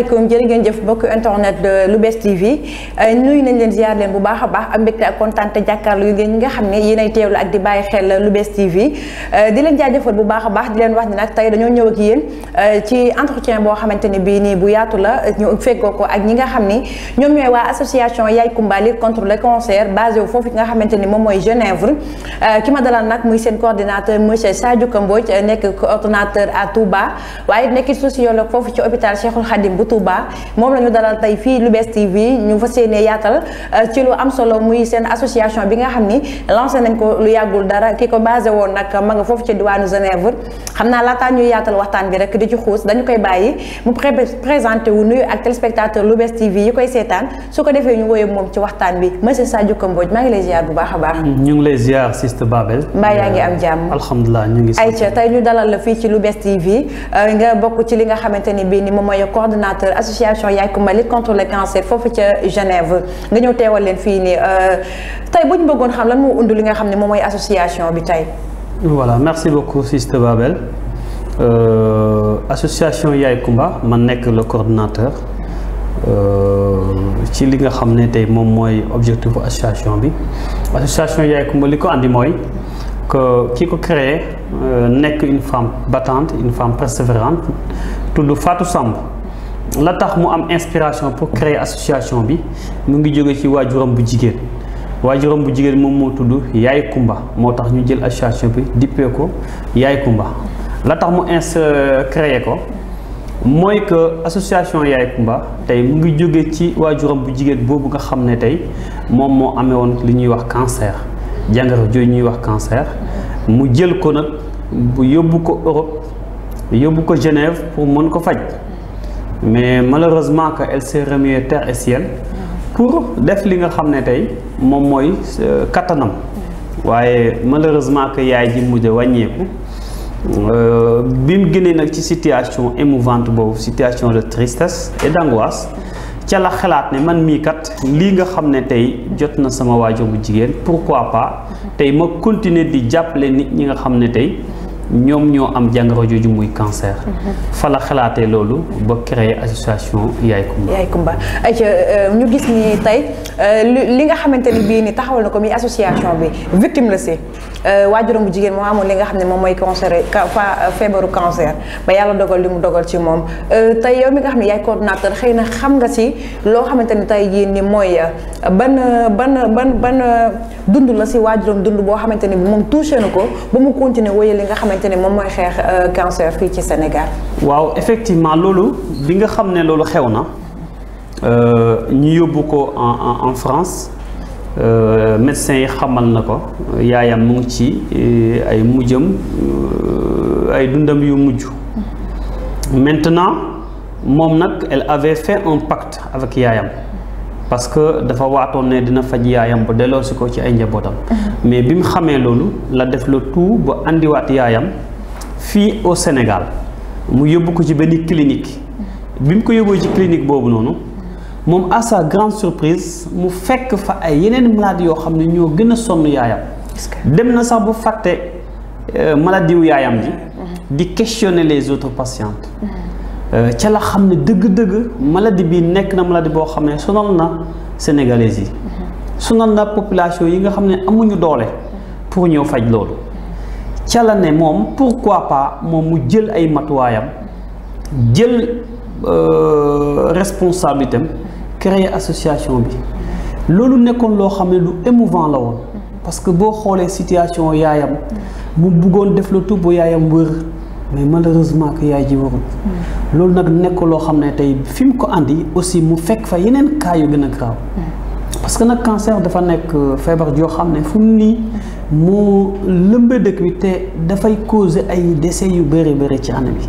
asalaamaaleykum jërë ngeen jëf mbokk internet de Lou'Bess TV euh, nuyu nañ leen ziar leen bu baax a baax am mbégte ak kontaan te jàkkaarloo yu ngeen ñi nga xam ne yéenay teewlu ak di bàyyi xel Lou'Bess TV euh, di leen jaajëfal bu baax a baax di leen wax ne nag tey dañoo ñëw ak yéen euh, ci entretien boo xamante ne nii bu yaatu la ñu fekkoo ko ak ñi nga xam ni ñoom ñooy waa association Yaye Coumba lutte contre le cancer basé wu foofu nga xamante ni moom mooy Genève ki ma dalal nag muy seen coordinateur monsieur Sadio Kamboj nekk coordonnateur à Touba waaye nekk sociologue foofu ci hôpital Cheikhul Touba moom la ñu dalal tey fii Lou'Bess TV ñu fas yéene yaatal euh, ci lu am solo muy seen association bi nga xam ni lancé nañ ko lu yàggul dara ki ko basé woon nag ma nga foofu ci diwaanu Genève xam naa laataa ñuy yaatal waxtaan bi rek di ci xuus dañu koy bàyyi mu présenté wu nuyu ak téléspectateur Lou'Bess TV yi koy seetaan su ko defee ñu woyee moom ci waxtaan bi monsieur Sadio Kambodj maa ngi lay ziar bu baax a baax. ñu ngi lay ziar Siste Babel. mbaa la fii ci coordonnateur association Yaye Coumba lutte contre le foofu ca Genève nga ñëw teewal leen fii nii euh, tey bu bëggoon xam moo undu li nga xam ne moom mooy association bi tey. voilà merci beaucoup Siste euh, association Yaye Coumba man nekk le coordonnateur euh, ci li nga xam ne tey moom mooy objectif association bi association Yaye Coumba li ko andi mooy. que ki ko créé nekk une femme battante une femme persévérante tudd Fatou Samb la tax mu am inspiration pour créer association bi mu ngi jóge ci waajuram bu jigéen waajuram bu jigéen moom moo tudd Yaay Kumba moo tax ñu jël association bi dippee ko Yaay Kumba la tax mu ins créer ko mooy que association Yaay Kumba tey mu ngi jóge ci waajuram bu jigéen boobu nga xam ne tey moom moo amee li ñuy wax cancer jàngoro jooju ñuy wax cancer mu jël ko nag bu yóbbu ko Europe yóbbu ko Genève pour mën ko faj mais malheureusement que elle s'est remuée terre et ciel pour def li nga xam ne tey moom mooy euh, kattanam waaye malheureusement que yaay ji mujj wàññeeku euh, bi mu génnee nag ci situation émouvante boobu situation de tristesse et d'angoisse ca la xalaat ne man mii kat lii nga xam ne tey jot na sama waajur bu jigéen pourquoi pas tey ma continuer di jàppale nit ñi nga xam ne tey ñoom ñoo am jàngoro jooju muy cancer. Mhm. fa la xalaatee loolu ba créer association Yaay Kumba. Yaay Kumba ayca euh, ñu gis ni tey euh, li nga xamante ni bii ni taxawal na ko muy association bi victime la si euh, waajuram bu jigéen moo amoon li nga xam ne moom mooy cancer fa feebaru cancer ba yàlla dogal li mu dogal ci moom tey yow mi nga xam ne yaay coordonnateur xëy na xam nga si loo xamante ni tey jii ni mooy ban ban ban ban dund la si waajuram dund boo xamante ni moom touché na continuer wéyal li nga xamante xamante ne moom mooy xeex euh, cancer fii ci Sénégal. waaw effectivement loolu bi nga xam ne loolu xew na euh, ñu yóbbu ko en en France euh, médecin yi xamal na ko yaayam mu ngi ci ay mujjam ay dundam yu mujj maintenant moom nag elle avait fait un pacte avec yaayam. parce que dafa waatoon ne dina faj yaayam ba delloosi ko ci ay njabootam. Mhm. mais bi mu xamee loolu la def la tout ba indiwaat yaayam fii au Sénégal mu yóbbu ko ci benn clinique mhm. bi mu ko yóbboo ci clinique boobu noonu moom à sa grande surprise mu fekk fa ay yeneen maladies yoo xam ne ñoo gën a sonn yaayam. dem na sax bu fàtte euh, maladie wu yaayam ji. Mhm. di questionner les autres patientes. Euh, ca la xam ne dëgg-dëgg maladie bi nekk na maladie boo xam ne sonal na sénégalais yi sonal na population yi nga xam ne amuñu doole pour ñëw faj loolu ca la ne moom quoi pas moom mu jël ay matuwaayam jël euh, responsabilité am créer association bi loolu nekkoon loo xam ne lu émouvant la woon parce que boo xoolee situation yaayam mu bëggoon def la tout ba yaayam wër mais malheureusement que yaay ji warul hmm. loolu nag nekk loo xam ne tey fi ko indi aussi mu fekk fa yeneen cas yu gën a graaw hmm. parce que nag cancer dafa nekk euh, feebar joo xam ne fu mu nii mu lëmba dëkk bi te dafay causer ay décès yu bëri bëri ci année bi.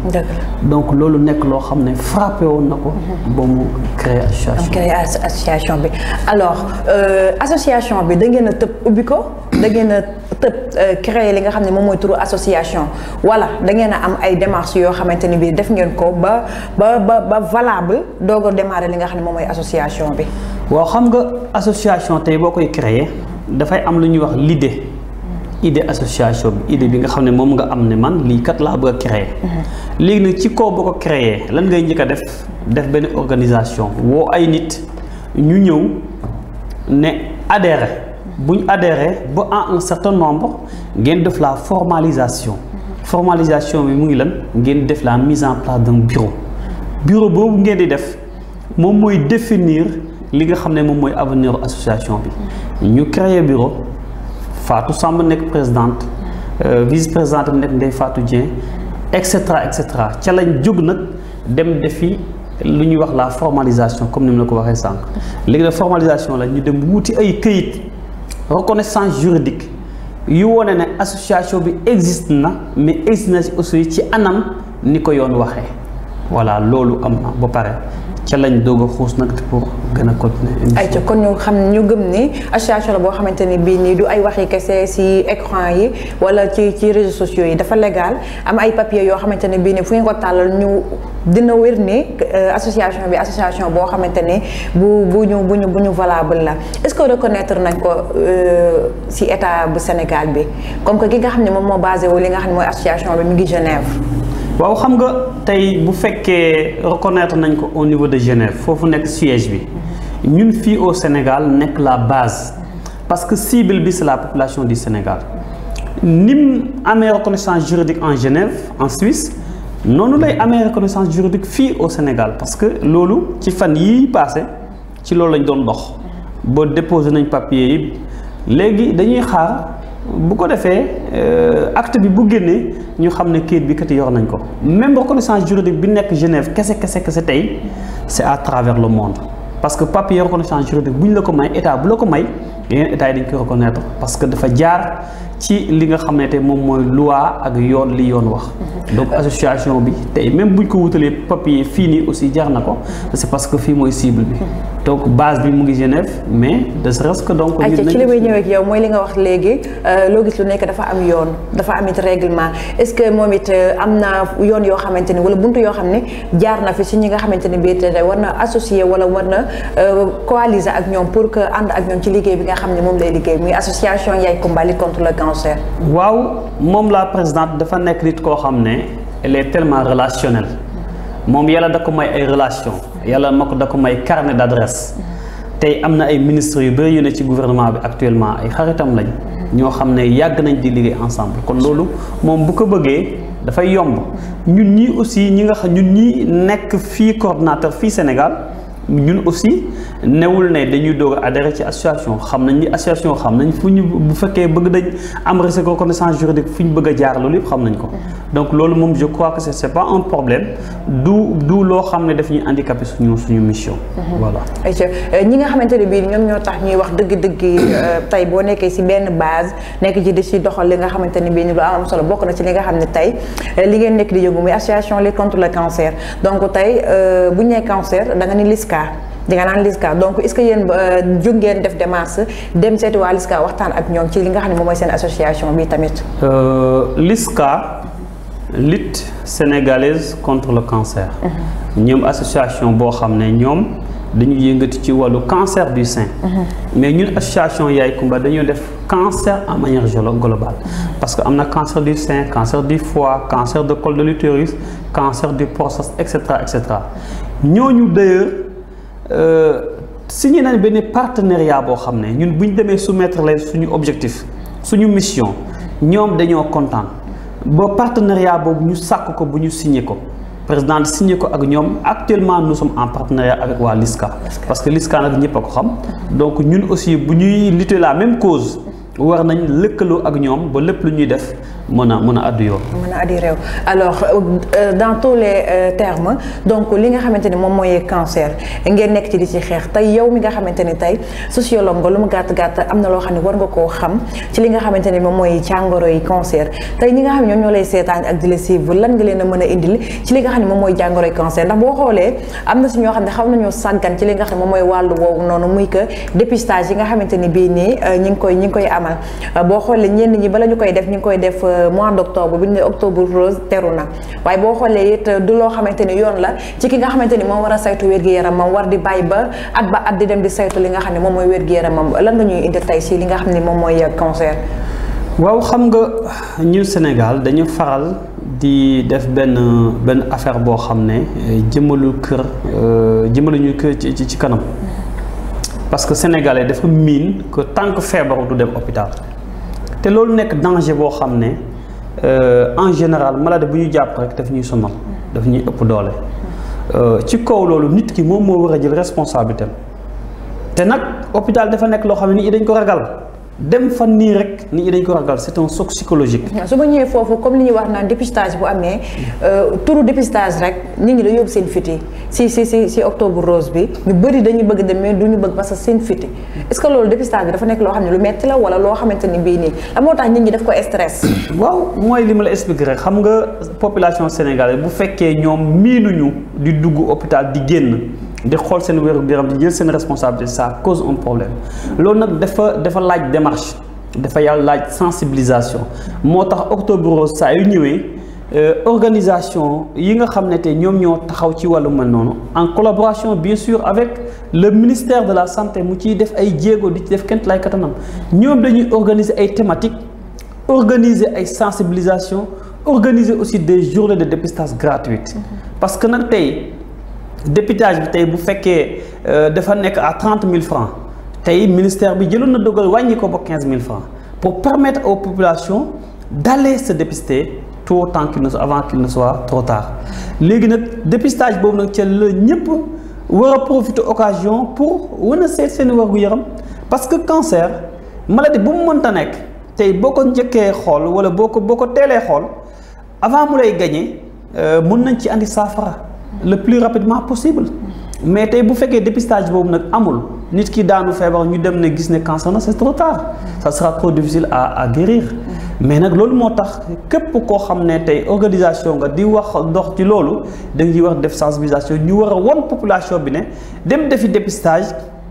donc loolu nekk loo xam ne frappé woon na ko. Hmm. ba mu créé association bi créé euh, association bi dangeen a tëb ubbi ko. da ngeen a tëb euh, créer li nga xam ne moom mooy turu association voilà da ngeen a am ay démarches yoo xamante ni bii def ngeen ko ba ba ba ba valable doog a li nga xam ne moom mooy association bi. waaw xam nga association tey boo koy créer dafay am lu ñuy wax l'idée idée association bi idée bi nga xam ne moom nga am ne man lii kat laa bëgg créer mhm. léegi nag ci kaw boo ko créer lan ngay njëkk a def def benn organisation woo ay nit ñu ñëw ne adhéré. bu ñu ba en un certain nombre ngeen def la formalisation formalisation bi mu ngi lan ngeen def la mise en place d'un bureau bureau boobu ngeen di def moom mooy définir li nga xam ne moom mooy avenir association bi ñu créer bureau faatu Samb nekk présidente euh, vice présidente bi nekk Ndeye Fatou Dieng et cetera et cetera ca lañ jóg nag dem defi lu ñuy wax la formalisation comme ni mu la ko waxee sànq léegi nag formalisation la ñu dem wuti ay këyit reconnaissance juridique yu wone ne association bi existe na mais existe na aussi ci anam ni ko yoon waxee voilà loolu am ba pare ca lañ doog a xuus nag pour gën a continuer. ay ca kon ñu xam ñu gëm ni association la boo xamante ni bii nii du ay wax yi kese si écran yi wala ci ci réseaux sociaux yi dafa légal am ay papiers yoo xamante ne bii nii fu ñu ko tàllal ñu dina wér ni euh, association bi association boo xamante ni bu bu ñu bu ñu ñu valable la est-ce que reconnaître nañ ko euh, si état bu Sénégal bi comme que ki nga xam ne moom moo basé wu li nga xam ne mooy bi mu ngi Genève. waaw xam nga tey bu fekkee reconnaître nañ ko au niveau de Genève foofu nekk siège bi ñun fii au Sénégal nekk la base parce que cible bi c'est la population du Sénégal nim mu amee reconnaissance juridique en Genève en Suisse noonu lay amee reconnaissance juridique fii au Sénégal parce que loolu ci fan yii passé ci loolu lañ doon dox ba déposé nañ papier yi léegi dañuy xaar. bu ko defee euh, acte bi bu génnee ñu xam ne kayit bi kat yor nañ ko même reconnaissance juridique bi nekk Genève kese kese kese tey c'est à travers le monde parce que papier reconnaissance juridique bu ñu la ko may état bu la ko may yeneen état yi dañ koy reconnaître parce que dafa jaar ci li nga xam ne te moom mooy loi ak yoon li yoon wax. donc association bi tey même bu ñu ko wutalee papier fii nii aussi jaar na ko c'est parce que fii mooy cible bi. donc base bi mu ngi Genève mais de serait-ce que donc. ayca ci li may ñëwee ak yow mooy li nga wax léegi euh, loo gis lu nekk dafa am yoon dafa am it règlement est-ce que moom it euh, am na yoon yoo xamante ni wala buntu yoo xam ne jaar na fi si ñi nga xamante ni bii tey war na associé wala war na euh, coaliser ak ñoom pour que ànd ak ñoom ci liggéey bi nga xam ne moom lay liggéey muy association yaay Coumba lutte contre le cancer. waaw moom la président dafa nekk nit koo xam ne elle est tellement relationnelle moom yàlla da ko relation yàlla ma ko da ko may carnet d'adresse tey am na ay ministres yu bëri yu ci gouvernement bi actuellement ay xaritam lañ ñoo xam ne yàgg nañ di liggéey ensemble kon loolu moom bu ko bëggee dafay yomb ñun ñii aussi ñi nga xam ñun ñii nekk fii coordonnateur fii Sénégal ñun aussi newul ne dañuy doog a ci association xam nañ ni association xam nañ fu ñu bu fekkee bëgg dañ am reconnaissance juridique fu ñu bëgg a jaar loolu yëpp xam nañ ko donc loolu moom je crois que c'est pas un problème du du loo xam ne daf ñuy handicapé suñu suñu mission mm-hmm. euh, ñi nga xamante bii ñoom ñoo tax ñuy wax dëgg-dëgg euh, tey boo nekkee si benn base nekk ci di si doxal li nga xamante bii ni lu am solo bokk na ci li nga xam ne tey euh, LISCA di nga naan LISCA donc est ce que yéen euh, jóg ngeen def démarche dem seeti waa LISCA waxtaan ak ñoom ci li nga xam ne moom mooy seen association bi tamit. Euh, LISCA lutte sénégalaise contre le cancer. Mhm. ñoom association boo xam ne ñoom dañu yëngati ci wàllu cancer du sein. Mhm. mais ñun association Yaay Kumba dañoo def cancer en manière globale. Mhm. parce que am na cancer du sein cancer du foie cancer de col de l'utérus cancer du prostate et cetera et cetera ñooñu Euh, signé nañ benn partenariat boo xam ne ñun bu ñu demee soumetre leen suñu objectif suñu mission ñoom dañoo kontaan ba partenariat boobu ñu sàkk ko bu ñu signé ko président signé ko ak ñoom actuellement nous sommes en partenariat avec waa LISCA parce que LISCA nag ñëpp a ko xam donc ñun aussi bu ñuy lutter la même cause war nañ lëkkaloo ak ñoom ba lépp lu ñuy def mën a mën a addu yoo mën a addu réew alors euh, euh, dans tous les euh, termes donc li nga xamante ni moom mooy cancer ngeen nekk ci di ci xeex tey yow mi nga xamante ni tey sociologue nga lu mu gàtt gàtt am na loo xam ne war nga koo xam ci li nga xamante ni moom mooy jàngoro yi cancer tey ñi nga xam ne ñoo lay seetaan ak di la suivre leen a mën a indil ci li xam ne moom mooy jàngoro yi cancer ndax boo xoolee am na si ñoo xam ne xaw nañoo sàggan ci li nga xam ne moom mooy wàllu woowu noonu muy que dépistage yi nga xamante ni bii nii ñi koy ñi ngi koy amal boo xoolee ñenn ñi bala ñu koy def ñi ngi koy def mois d' octobre bu ñu ne octobre rose teru na waaye boo xoolee it euh, du loo xamante ni yoon la ci ki nga xamante ni moom war a saytu wér-gu-yaramam war di bàyyi ba at ba at di dem di saytu li nga xam ne moom mooy wér-gu-yaramam lan na ñuy indi tey si li nga xam ne moom mooy euh, cancer. waaw xam nga ñun Sénégal dañu faral di def benn benn affaire boo xam ne euh, jëmalu kër jëmaluñu kër ci ci kanam. parce que sénégalais dafa miin que tànk que feebaru du dem hôpital te loolu nekk danger boo xam ne Euh, en général maladie bu ñu jàpp rek daf ñuy sonal dafa ñuy ëpp doole euh, ci kaw loolu nit ki moom moo war a jël responsabilité te nag hôpital dafa nekk loo xam ne nit dañ ko ragal dem fan nii rek nit ñi dañ ko ragal c'est un choc psychologique. su ma ñëwee foofu comme li ñu wax naan dépistage bu amee euh, turu dépistage rek nit ñi da yóbbu seen fiti si si si si octobre rose bi ñu bëri dañuy bëgg dem mais du ñu bëgg parce que seen fiti est-ce que loolu dépistage bi dafa nekk loo xam ne lu metti la wala loo xamante ni bii nii la moo tax nit ñi daf ko stress. waaw mooy li la expliquer rek xam nga population sénégalaise bu fekkee ñoom miinuñu di dugg hôpital di génn. di xool seen wér gu yaram di jël seen responsabilité ça cause un problème loolu nag dafa dafa laaj démarche dafa yàlla laaj sensibilisation moo tax octobre rose saa yu ñëwee euh, organisation yi nga xam ne te ñoom ñoo taxaw ci wàllu man noonu en collaboration bien sûr avec le ministère de la santé mu ciy def ay jéego di ci def kent lay katanam ñoom dañuy organiser ay thématiques organiser ay sensibilisation organiser aussi des journées de dépistage gratuites mm-hmm. dépitage bi tey bu fekkee euh, dafa nekk à trente mille francs tey ministère bi jëloon na dogal wàññi ko ba quinze mille francs pour permettre aux population d'aller sa dépister tout autant qu'il ne soit avant qu'il ne soit trop tard léegi nag dépistage boobu nag ca la ñëpp war a profiter occasion pour wan a seet seeni wérgu yaram parce que cancer maladie bu mu mënta nekk tey boo ko njëkkee xool wala boo ko boo ko teelee xool avant mu lay gañee euh, mun nañ ci andi saafara le plus rapidement possible mais tey bu fekkee dépistage boobu nag amul nit ki daanu feebar ñu dem ne gis ne cancer na c'est trop tard ça sera trop difficile à à mais nag loolu moo tax képp koo xam ne tey organisation nga di wax dox ci loolu da nga wax def sensibilisation ñu war a won population bi ne dem defi dépistage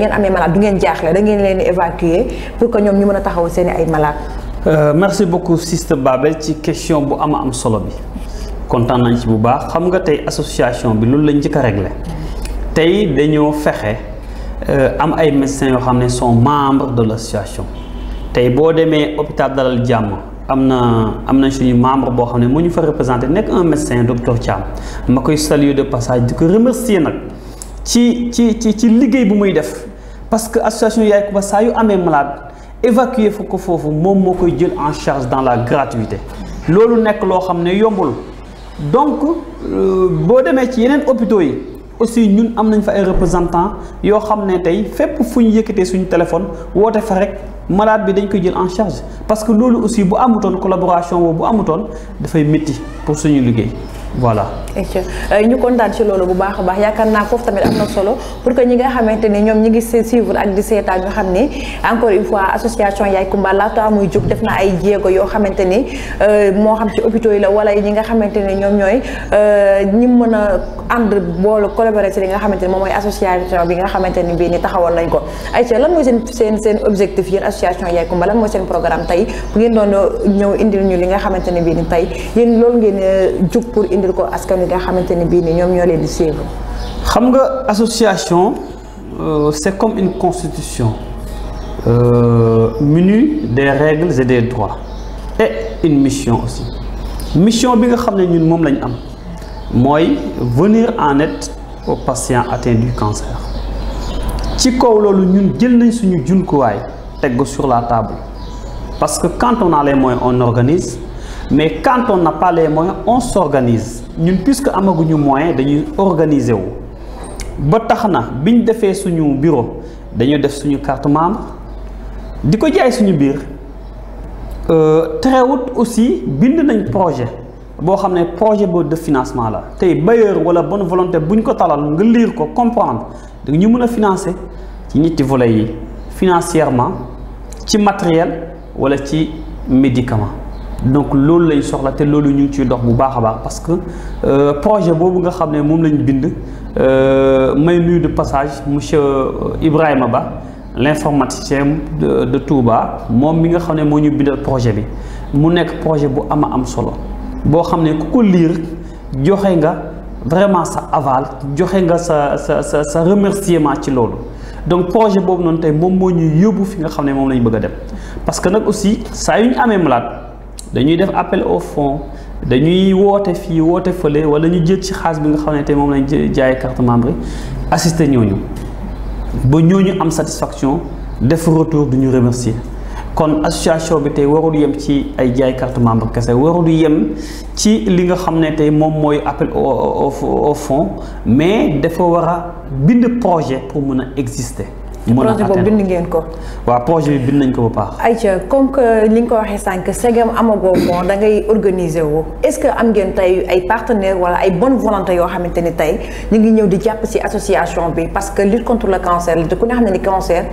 ngeen amee malade du ngeen jaaxle da ngeen leen di pour que ñoom ñu mën a taxaw seen ay malade euh, merci beaucoup Siste Babel ci question bu ama am solo bi kontaan nañ ci bu baax xam nga tey association bi loolu lañ njëkk a réglé tey dañoo fexe euh, am ay médecins yoo xam ne sont membres de l' association tey boo demee hôpital Dalal Jàmm am na am nañ suñu membre boo xam ne moo ñu fa représenté nekk un médecin docteur Thiam ma koy saluer de passage di ko remercier nag ci ci ci ci liggéey bu muy def parce que association Yaye Coumba saa yu amee malade évacuer fa ko foofu moom moo koy jël en charge dans la gratuité loolu nekk loo xam ne yombul donc euh, boo demee ci yeneen hôpitaux yi aussi ñun am nañ fa ay représentants yoo xam ne tey fépp fu ñu yëkkatee suñu téléphone woote fa rek malade bi dañ koy jël en charge parce que loolu aussi bu amutoon collaboration boobu bu amutoon dafay métti pour suñu liggéey. voilà. Euh, ñu kontaan ci loolu bu baax a baax yaakaar naa foofu tamit am na solo pour que ñi nga xamante ne ñoom ñi ngi suivre ak di seetaan ñu xam ne encore une fois association Yaye Coumba euh, moo xam ci hôpitaux yi la wala ñi nga xamante ne ñoom ñooy euh, ñi mën a ànd boole collaborer ci li nga xamante ni moom mooy association bi nga xamante ni bii ni taxawal nañ ko ayca lan mooy seen seen seen objectif yéen association Yaye Coumba lan mooy seen programme tey bu ngeen doon ñëw indil ñu li nga xamante ne bii ni tey yéen loolu ngeen jug pour indil ko askan bi nga xamante ne bii nii ñoom ñoo leen di suivre. xam nga association euh, c'est comme une constitution euh, munie des règles des droits et une mission aussi mission bi nga xam ne ñun moom lañu am mooy venir en aide aux patients atteints du cancer ci kaw loolu ñun jël nañ suñu jumtuwaay teg ko sur la table parce que quand on on organise. mais quand n'a pas les moyens on s'organise ñun puisque amaguñu moyen dañuy organiser wu ba tax na biñ defee suñu bureau dañu def suñu carte membre di ko jaay suñu biir euh, terewut aussi bind nañ projet boo xam ne projet boobu de financement la tey bailleur wala bonne volonté buñ ko talal nga liir ko comprendre da ñu mën a financer ci ñetti vole yi financièrement ci matériel wala ci médicament donc loolu lañ soxla te loolu ñu ngi ciy dox bu baax a baax parce que euh, projet boobu nga xam ne moom lañ bind euh, may nuyu de passage monsieur euh, Ibrahima Ba l'informaticien de de Touba moom mi nga xam ne moo ñu bindal projet bi mu nekk projet bu ama am solo boo xam ne ku ko liir joxe nga vraiment sa aval joxe nga sa sa sa sa remerciement ci loolu donc projet boobu noonu tey moom moo ñu yóbbu fi nga xam ne moom lañ bëgg a dem parce que nag aussi saa yu ñu amee malade. dañuy def appel au fonds dañuy woote fii woote fële wala ñu jël ci xaas bi nga xam ne tey moom lañ jaay carte membre assister ñooñu ba ñooñu am satisfaction def retour du ñu remercier kon association bi tey warul yem ci ay jaay carte membre kese warul yem ci li nga xam ne tey moom mooy appel au au au fonds mais dafa war a bind projet pour mën a exister. mën a projet bind ngeen ko. waa projet bi bind nañ ko ba paax. ayca comme que li nga ko waxee sànq segem amagoo bon da ngay organiser wu est-ce que am ngeen tey ay partenaires wala ay bonne volonté yoo xamante ni tey ñu ngi ñëw di jàpp ci association bi parce que lutte contre le cancer ku ne xam ne ni cancer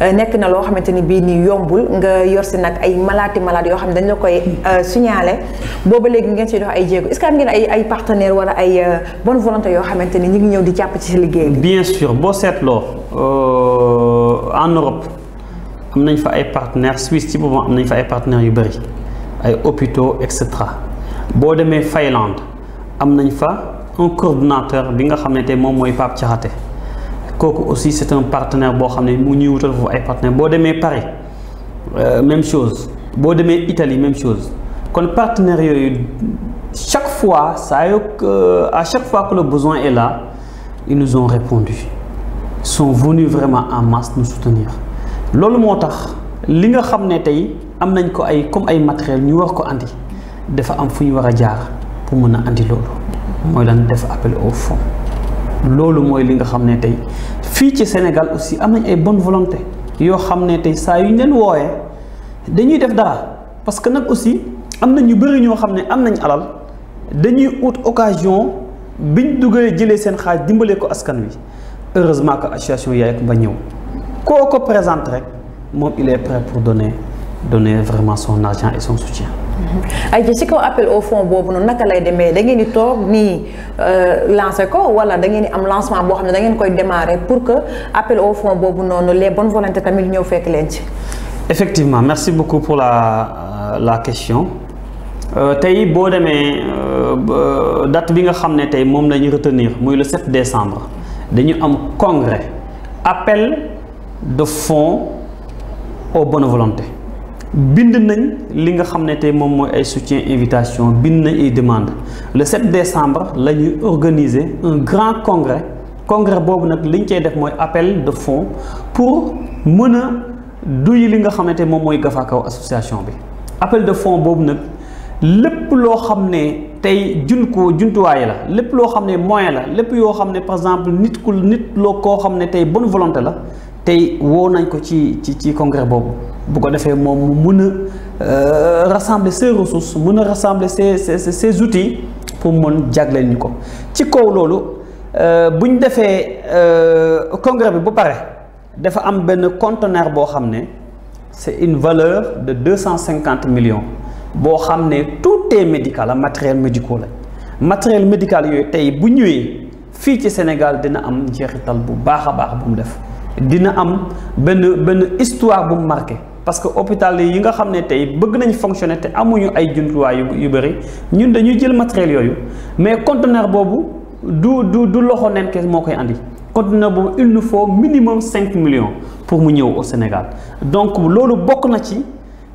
euh, nekk na loo xamante ni bii nii yombul nga yor si nag ay maladies maladies yoo xam ne dañ la koy euh, signaler booba léegi ngeen si dox ay jéego est ngeen ay partenaires wala ay euh, bonne volonté yoo xamante ni ñu ngi ñëw di jàpp ci liggéey bi. bien sûr boo seetloo. Euh, en Europe am nañ fa ay partenaires Suisse ci boppam am nañ fa ay partenaires yu bëri ay hôpitaux et cetera boo demee Finlande am nañ fa un coordonnateur bi nga xam ne tey moom mooy Pape Diakhaté kooku aussi c'est un partenaire boo xam ne mu ñuy wutal foofu ay partenaires boo demee Paris euh, même chose boo demee Italie même chose kon partenaires yooyu chaque fois saa yoo à chaque fois que le besoin est là ils nous ont répondu sont venus vraiment en masse nous soutenir loolu moo tax li nga xam ne tey am nañ ko ay comme ay matériel ñu war ko andi dafa am fu ñu war a jaar pour mën a andi loolu mooy lan def appel au fond loolu mooy li nga xam ne tey fii ci Sénégal aussi am nañ ay bonne volonté yoo xam ne tey saa yu ñu leen wooyee dañuy def dara parce que nag aussi am na ñu bëri ñoo xam ne am nañ alal dañuy ut occasion biñ duggee jëlee seen xaaj dimbalee ko askan wi heureusement que association Yaye Coumba ñëw koo ko présente rek moom il est prêt pour donner donner vraiment son argent et son soutien. Mm-hmm. ay ci si kaw appel au fond boobu noonu naka lay demee da ngeen di toog nii euh, lancer ko wala da ngeen di am lancement boo xam ne da ngeen koy demare pour que appel au fond boobu noonu les bonnes volontés tamit ñëw fekk leen ci. effectivement merci beaucoup pour la euh, la question euh, tey boo demee date bi nga xam ne tey moom la ñu retenir muy le 7 décembre. dañu am congrès appel de fonds aux bonnes volontés bind nañ li nga xam ne tey moom mooy ay soutien invitation bind nañ ay demande le 7 décembre la ñuy organiser un grand congrès congrès boobu nag liñ ñu def mooy appel de fonds pour mën a duy li nga xamante moom mooy Gafa Kaw association bi appel de fonds boobu nag lépp loo xam ne tey jun jumtuwaay la lépp loo xam ne moyen la lépp yoo xam ne par exemple nit ku nit loo koo xam ne tey bonne volonté la tey woo nañ ko ci ci ci congrès boobu bu ko defee moom mu mën a euh, rassembler ses ressources mën a rassembler ses ses ses outils pour mën jagleel ñu ko ci kaw loolu euh, bu ñu defee euh, congrès bi ba pare dafa am benn conteneur boo xam ne c'est une valeur de deux cent cinquante millions. boo xam ne tout est médical ak matériel médical la matériel médical yooyu tey bu ñëwee fii ci Sénégal dina am njeexital bu baax a baax bu mu def dina am benn benn histoire bu mu marqué parce que hôpital yi nga xam ne tey bëgg nañ fonctionner te amuñu ay jumtuwaay yu bëri ñun dañuy jël matériel yooyu mais conteneur boobu du du du loxo nen ke moo koy indi conteneur boobu il foo faut minimum cinq millions pour mu ñëw au Sénégal donc loolu bokk na ci.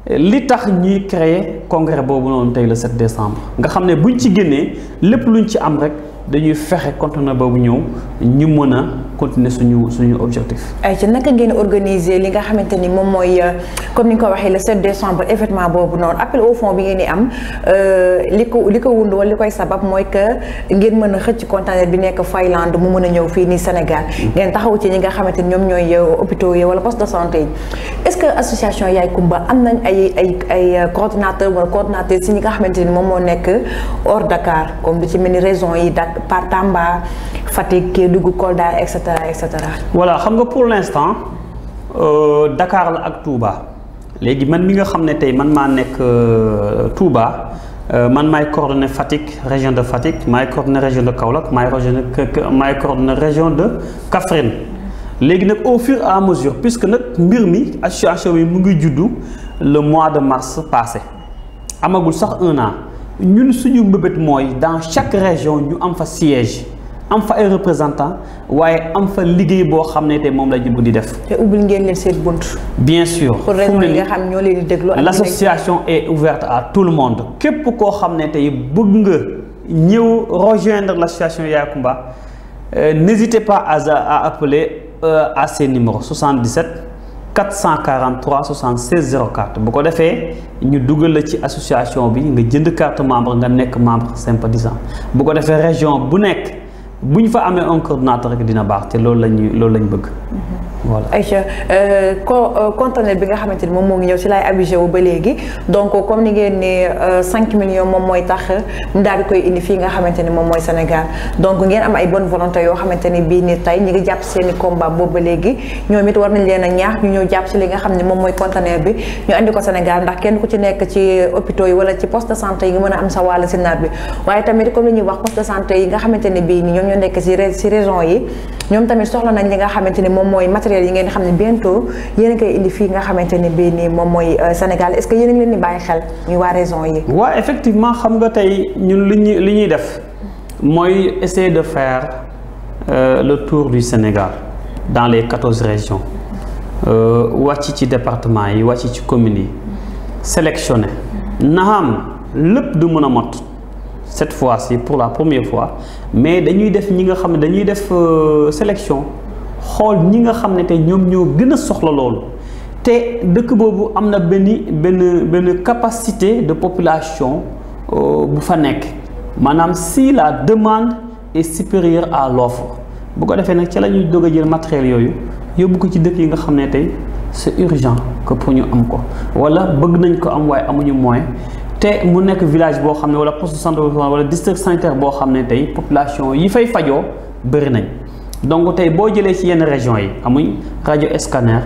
li tax ñuy créer congrès boobu noonu tey le 7 décembre nga xam ne buñ ci génnee lépp lu luñ ci am rek dañuy fexe conteneur boobu ñëw ñu mën a continuer suñu suñu objectif. ay ci naka ngeen organiser li nga xamante ni moom mooy euh, comme ni nga ko waxee le 7 décembre événement boobu noonu appel au fond bi ngeen di am euh, li ko li ko wund li koy sabab mooy que ngeen mën a xëcc conteneur bi nekk Finlande mu mën a ñëw fii nii Sénégal. Mm. ngeen taxaw ci li nga xamante ni ñoom ñooy euh, hôpitaux yi wala poste de santé yi est-ce que association Yaye Coumba am nañ ay ay ay coordonnateur wala coordonnatrice si ñi nga xamante ni moom moo nekk hors Fatick Kédougou Kolda et cetera et cetera. voilà xam nga pour l' instant euh, Dakar la ak Touba léegi man mi nga xam ne tey man maa nekk euh, Touba euh, man maay coordonné Fatick région de Fatick maay coordonné région de Kaolack maay coordonné maay région de Kaffrine léegi nag au fur et à mesure puisque nag mbir mi association bi mu ngi juddu le mois de mars passé amagul sax un an ñun suñu mbëbët mooy dans chaque région ñu am fa siège. am fa ay waaye am fa liggéey boo xam ne te moom la bu di def. te ubbil ngeen leen seen bunt. bien sûr pour ñoo leen di déglu. l' association est ouverte à tout le monde képp koo xam ne tey bëgg nga ñëw rejoindre l' association Yacoumba euh, n'hésitez pas à à appeler euh, à ces numéros 77 443 76 04 bu ko defee ñu dugal la ci association bi nga jënd carte membre nga nekk membre sympathisant bu ko defee région bu nekk. bu ñu fa amee un coordonnateur rek dina baax te loolu lañu loolu lañ bëgg voilà ayca euh, euh, conteneur bi nga xamante ni moom moo ngi ñëw ci laay abusé wu ba léegi donc comme ni ngeen ne 5 euh, millions moom mooy tax mu daal di koy indi fii nga xamante ni moom mooy Sénégal donc ngeen am ay bonne volonté yoo xamante ni bii ni tey ñi ngi jàpp seen i combat boobu ba léegi ñoom ñu ñëw jàpp ci li nga xam ne moom mooy conteneur bi ñu andi ko Sénégal ndax kenn ku ci nekk ci hôpitaux yi wala ci poste de yi nga mën a am sa wàll ci naat bi waaye tamit yi nga xamante ne ni ñoom ñoo nekk ci ci région yi ñoom tamit soxla nañ li nga xamante ni moom mooy matériel yi ngeen xam ne bientôt yéen koy indi fii nga xamante ne bii nii moom mooy euh, Sénégal est-ce que a ngi leen bàyyi xel muy waa raison yi. waaw effectivement xam nga tey ñun li ñuy li ñuy def mooy essayer de faire euh, le tour du Sénégal dans les quatorze régions euh, wàcc ci département yi wàcc ci communes yi sélectionné naam lépp du mën a mot cette fois-ci pour la première fois mais dañuy def ñi nga xam ne dañuy def euh, sélection. xool ñi nga xam ne tey ñoom ñoo gën a soxla loolu te dëkk boobu am na benn benn benn capacité de population euh, bu fa nekk maanaam si la demande et supérieure à l'offre bu ko defee nag ci la ñuy doog a jël matériel yooyu yóbbu ko ci dëkk yi nga xam ne tey c'est urgent que ñu am ko wala bëgg nañ ko am waaye amuñu moyen te mu nekk village boo xam ne wala poste de santé wala district sanitaire boo xam ne tey population yi fay fajoo bëri nañ donc tey boo jëlee ci yenn région yi amuñ rajo scanner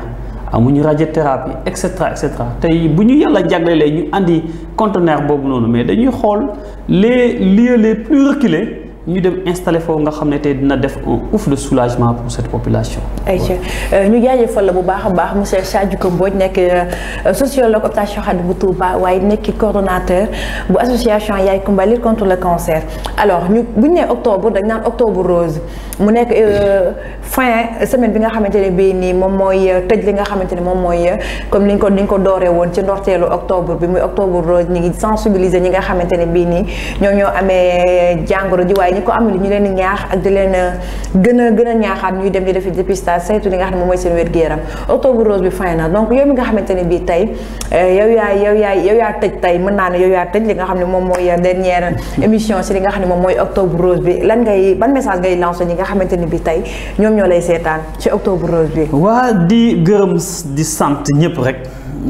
amuñu radiothérapie et cetera et cetera tey bu ñu yàlla jaglelee ñu indi conteneur boobu noonu mais dañuy xool les lieux les plus reculés ñu dem installé foofu nga xam ne tey dina def un ouf de soulagement pour cette population. ayca euh, ñu jaajëfal la bu baax a baax monsieur Sadji Mbodj nekk euh, sociologue optation xadd bu Touba waaye nekk coordonnateur bu association Yaay Coumba lutte contre le cancer. alors ñu bu ñu nee octobre dañ naan octobre rose mu nekk euh, fin semaine bi nga xamante ne bii nii moom mooy tëj li nga xamante ne moom mooy comme ni ñu ko ni ñu ko dooree woon ci ndorteelu octobre bi muy octobre rose ñu ngi sensibiliser ñi nga xamante ne bii nii ñoo ñoo amee jàngoro ji waaye ñi ko amul ñu leen di ñaax ak di leen euh, gën a ñaaxaat ñuy dem di defi dépistage saytu li nga xam moom mooy seen wér-gu-yaram octobre rose bi fay na donc yow mi nga xamante ne bii tey euh, yow yaay yow yaay yow yaa tëj tey mën naa ne yow yaa tëj li nga xam ne moom mooy euh, dernière émission si li nga xam ne moom mooy octobre bi lan ngay ban message ngay lancé ñi nga xamante ne bii tey ñoom ñoo lay seetaan ci octobre rose bi waa di gërëm di sant ñëpp rek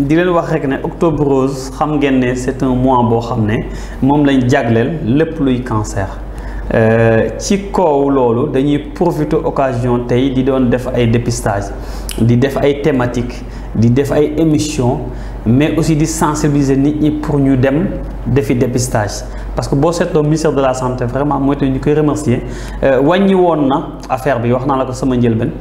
di leen wax rek ne octobre rose xam ngeen ne c'est mois boo xam ne moom lañ jagleel lépp luy cancer Euh, ci kaw loolu dañuy profiter occasion tey di doon def ay dépistage di def ay thématique di def ay émission mais aussi di sensibiliser ni ñi pour ñu dem defi dépistage parce que boo seetloo ministère de la santé vraiment mooy te ñu koy remercier euh, wàññi woon na affaire bi wax naa la ko sama njëlbeen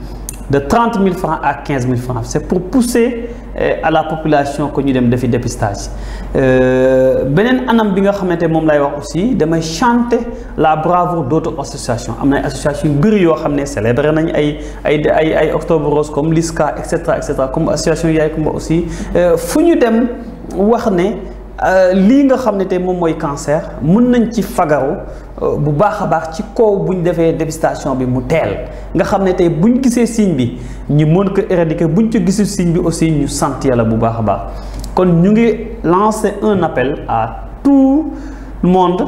de trente mille francs à quinze mille francs c'est pour pousser. à la population ko ñu dem defi dépistage euh, beneen anam bi nga xamante moom lay wax aussi damay chante la bravoure d'autres associations am na ay association yu bëri yoo xam ne célébré nañ ay ay ay ay octobre rose comme LISCA et cetera et cetera comme association yaay Kumba aussi euh, fu ñu dem wax ne Euh, lii nga xam ne tey moom mooy cancer mun nañ ci fagaru euh, bu baax a baax ci kaw bu ñu defee dépistation bi mu teel nga xam ne tey bu ñu gisee signe bi ñi mën ko éradiquer bu ñu ci gisul signe bi aussi ñu sant yàlla bu baax a baax kon ñu ngi lancer un appel à tout le monde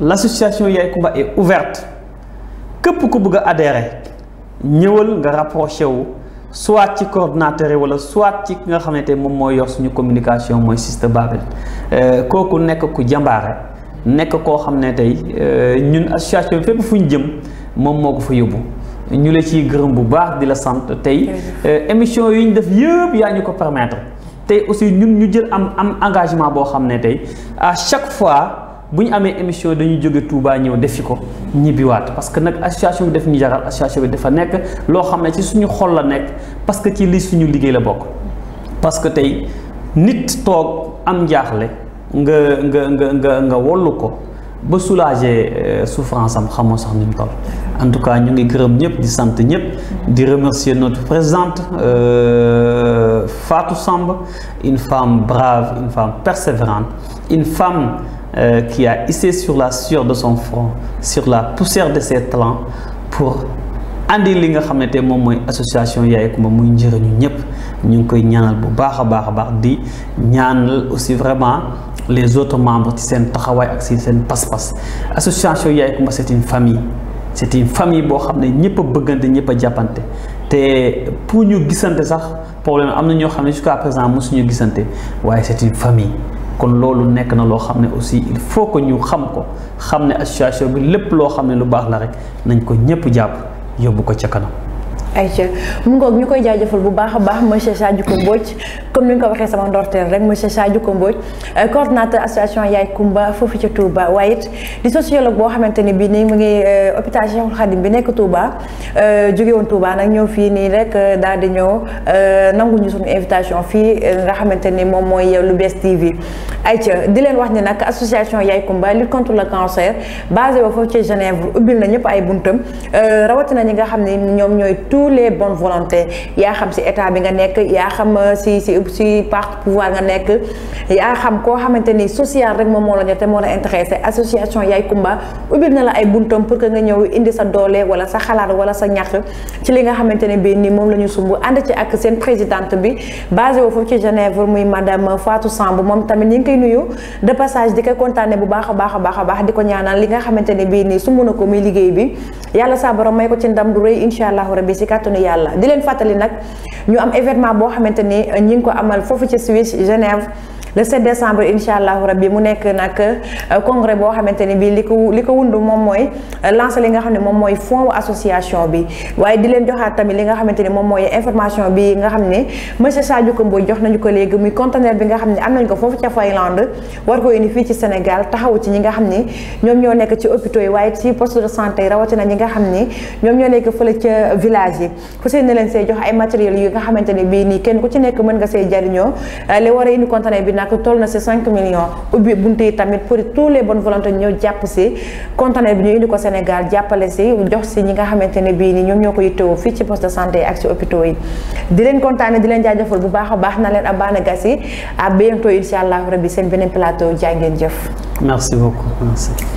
l'association Yaye Coumba est ouverte képp ko bëgg a adhérer ñëwal nga rapproché wu. soit ci coordinateur yi wala soit ci ki nga xamante moom mooy yor suñu communication mooy Sista Babel euh, kooku nekk ku jàmbaare nekk koo xam ne tey euh, ñun association fépp fu ñu jëm moom moo ko fa yóbbu ñu la ciy gërëm bu baax di la sant tey euh, émission yi ñu def yëpp yaa ñu ko permettre tey aussi ñun ñu jël am am engagement boo xam ne tey à chaque fois. bu ñu amee émission dañuy jóge Touba ñëw defi ko ñibbiwaat parce que nag association bi def ñu jaral association bi dafa nekk loo xam ne ci suñu xol la nekk parce que ci lii suñu liggéey la bokk parce que tey nit toog am njaaxle nga nga nga nga nga wollu ko ba soulager euh, souffrance am xamoo sax ni mu toll en tout cas ñu ngi gërëm ñëpp di sant ñëpp di remercier notre présidente euh, Fatou Samb une femme brave une femme persévérante une femme euh, qui a sur la sueur de son front sur la poussière de ses talents pour indi li nga xamante moom mooy association Yaye Coumba muy njëriñu ñëpp ñu ngi koy ñaanal bu baax a baax a baax di ñaanal aussi vraiment les autres membres ci seen taxawaay ak ci seen pas-pas association Yaye Coumba c'est une famille c'est une famille boo xam ne ñëpp a bëggante ñëpp a jàppante te pour ñu gisante sax problème am na ñoo xam ne jusqu'à présent mosuñu gisante waaye c'est une kon loolu nekk na loo xam ne aussi il faut que ñu xam ko xam ne association bi lépp loo xam ne lu baax la rek nañ ko ñépp jàpp yóbbu ko ca kanam ay mu ngoog ñu koy jaajëfal bu baax a baax monsieur Sadio Komboj comme ni ñu ko waxee sama ndorteel rek monsieur Sadio Komboj euh, coordonnateur association Yaay Kumba foofu ca Touba waaye it di sociologue boo xamante ni bii nii mu ngi euh, hôpital Cheikhoul bi nekk euh, Touba nag ñëw fii nii rek daal di ñëw nanguñu suñu invitation fii nga xamante ni moom mooy lu bees TV ayca di leen wax ni nag association Yaay Kumba lutte contre le cancer basé foofu ci Genève ubbil na ñëpp ay buntam rawatina ñi nga xam ne ñoom ñooy tous les bonnes volontés yaa xam si état bi nga nekk yaa xam si si si pouvoir nga nekk yaa xam koo xamante ni social rek moom moo la ñor te moo la intéressé association Yaye Coumba ubbil na la ay buntam pour que nga ñëw indi sa doole wala sa xalaat wala sa ñax ci li nga xamante ne bii nii moom la ñu sumb ànd ci ak seen présidente bi basé wu foofu ci Genève muy madame Fatou Samb moom tamit ñu ngi koy nuyu de passage di ko kontaane bu baax a baax a baax a baax di ko ñaanal li nga xamante ne bii nii sumb na ko muy liggéey bi yàlla saa may ko ci ndam du rëy incha ci kàttanu yàlla di leen fàttali nag ñu am événement boo xamante ni ñi ngi ko amal foofu ci Suisse Genève le 7 décembre incha allahu rabbi mu nekk nag euh, congrès boo xamante ni bi li ko li ko moom mooy euh, lancer li nga xam ne moom mooy fond association bi waaye di leen joxaat tamit li nga xamante ni moom mooy information bi nga xam ne monsieur Sadio Kombo jox nañu ko léegi muy conteneur bi nga xam ne am nañ ko foofu ca Finlande war ko indi fii ci Sénégal taxaw ñi nga xam ni ñoom ñoo nekk ci hôpitaux yi waaye ci poste de santé rawatina ñi nga xam ni ñoom ñoo nekk fële ca village yi fu seen na leen say jox ay matériel yi nga xamante ne bii nii kenn ku ci nekk mën nga see jariñoo euh, li war a indi conteneur bi nag que toll na si 5 millions ubbi bunt yi tamit pour tout les bon volontés ñëw jàpp si conteneur bi ñu indi ko Sénégal jàppale si jox si ñi nga xamante ne bii nii ñoom ñoo ko yittewoo fii ci poste de santé ak si hôpitaux yi di leen kontaane di leen jaajëfal bu baax a baax na leen Abana Gassi à bientôt incha allah rabbi seen beneen plateau jaa ngeen jëf merci beaucoup